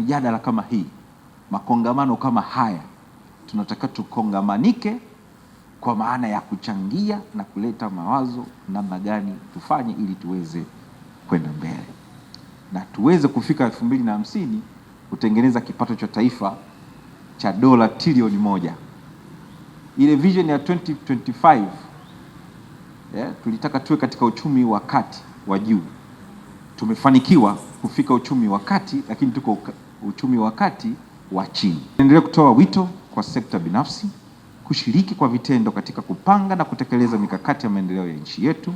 mjadala kama hii, makongamano kama haya, tunataka tukongamanike kwa maana ya kuchangia na kuleta mawazo namna gani tufanye ili tuweze kwenda mbele na tuweze kufika elfu mbili na hamsini kutengeneza kipato cha taifa cha dola trilioni moja. Ile vision ya 2025 yeah, tulitaka tuwe katika uchumi wa kati wa juu. Tumefanikiwa kufika uchumi wa kati, lakini tuko uchumi wa kati wa chini. Naendelea kutoa wito kwa sekta binafsi kushiriki kwa vitendo katika kupanga na kutekeleza mikakati ya maendeleo ya nchi yetu.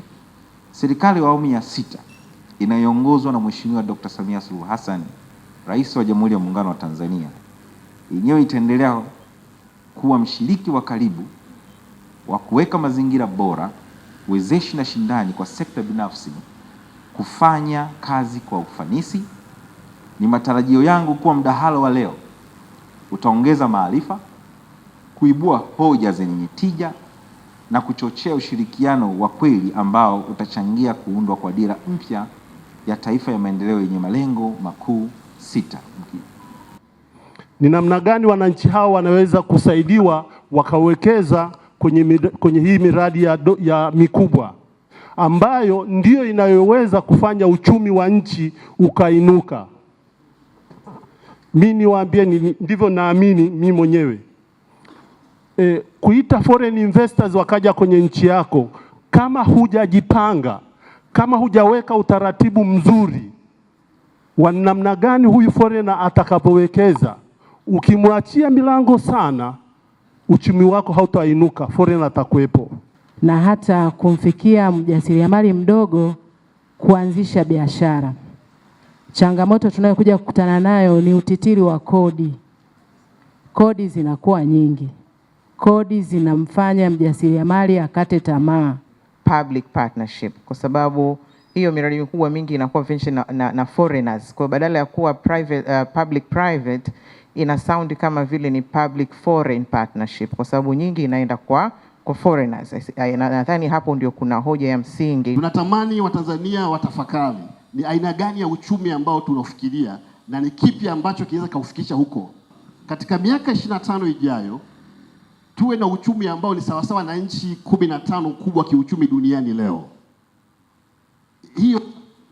Serikali ya awamu ya sita inayoongozwa na Mheshimiwa Dr. Samia Suluhu Hassan, Rais wa Jamhuri ya Muungano wa Tanzania, yenyewe itaendelea kuwa mshiriki wa karibu wa kuweka mazingira bora wezeshi na shindani kwa sekta binafsi kufanya kazi kwa ufanisi. Ni matarajio yangu kuwa mdahalo wa leo utaongeza maarifa, kuibua hoja zenye tija na kuchochea ushirikiano wa kweli ambao utachangia kuundwa kwa dira mpya ya taifa ya maendeleo yenye malengo makuu sita. Ni namna gani wananchi hao wanaweza kusaidiwa wakawekeza kwenye, kwenye hii miradi ya, do, ya mikubwa ambayo ndiyo inayoweza kufanya uchumi wa nchi ukainuka. Mi ni, ndivyo naamini mi mwenyewe e, kuita foreign investors wakaja kwenye nchi yako, kama hujajipanga, kama hujaweka utaratibu mzuri wa namna gani huyu foreigner atakapowekeza, ukimwachia milango sana uchumi wako hautainuka, foreign atakuwepo. Na hata kumfikia mjasiriamali mdogo kuanzisha biashara, changamoto tunayokuja kukutana nayo ni utitiri wa kodi. Kodi zinakuwa nyingi, kodi zinamfanya mjasiriamali akate tamaa. Public partnership, kwa sababu hiyo miradi mikubwa mingi inakuwa venture na, na, na foreigners kwa badala ya kuwa private, uh, public private ina sound kama vile ni public foreign partnership kwa sababu nyingi inaenda kwa kwa foreigners. Eh, nadhani hapo ndio kuna hoja ya msingi. Tunatamani Watanzania watafakari ni aina gani ya uchumi ambao tunafikiria na ni kipi ambacho kinaweza kaufikisha huko. Katika miaka 25 ijayo tuwe na uchumi ambao ni sawasawa na nchi kumi na tano kubwa kiuchumi duniani leo. Hiyo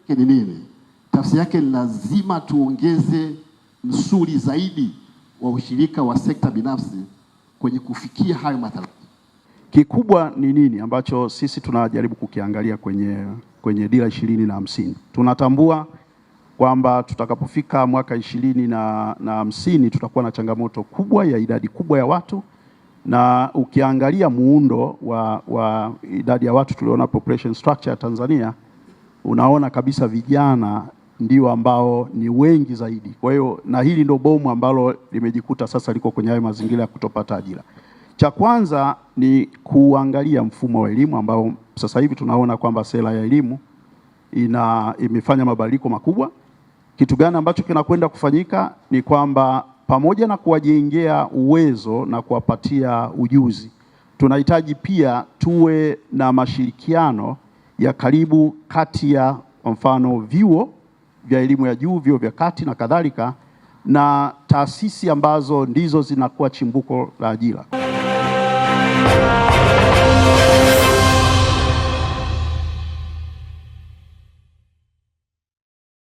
ni nini? Tafsiri yake ni lazima tuongeze msuri zaidi wa ushirika wa sekta binafsi kwenye kufikia hayo matarajio. Kikubwa ni nini ambacho sisi tunajaribu kukiangalia kwenye, kwenye dira ishirini na hamsini? Tunatambua kwamba tutakapofika mwaka ishirini na hamsini tutakuwa na changamoto kubwa ya idadi kubwa ya watu, na ukiangalia muundo wa, wa idadi ya watu tuliona population structure ya Tanzania unaona kabisa vijana ndio ambao ni wengi zaidi. Kwa hiyo na hili ndio bomu ambalo limejikuta sasa liko kwenye hayo mazingira ya kutopata ajira. Cha kwanza ni kuangalia mfumo wa elimu ambao sasa hivi tunaona kwamba sera ya elimu ina imefanya mabadiliko makubwa. Kitu gani ambacho kinakwenda kufanyika ni kwamba pamoja na kuwajengea uwezo na kuwapatia ujuzi, tunahitaji pia tuwe na mashirikiano ya karibu kati ya kwa mfano vyuo vya elimu ya juu, vyuo vya kati na kadhalika, na taasisi ambazo ndizo zinakuwa chimbuko la ajira.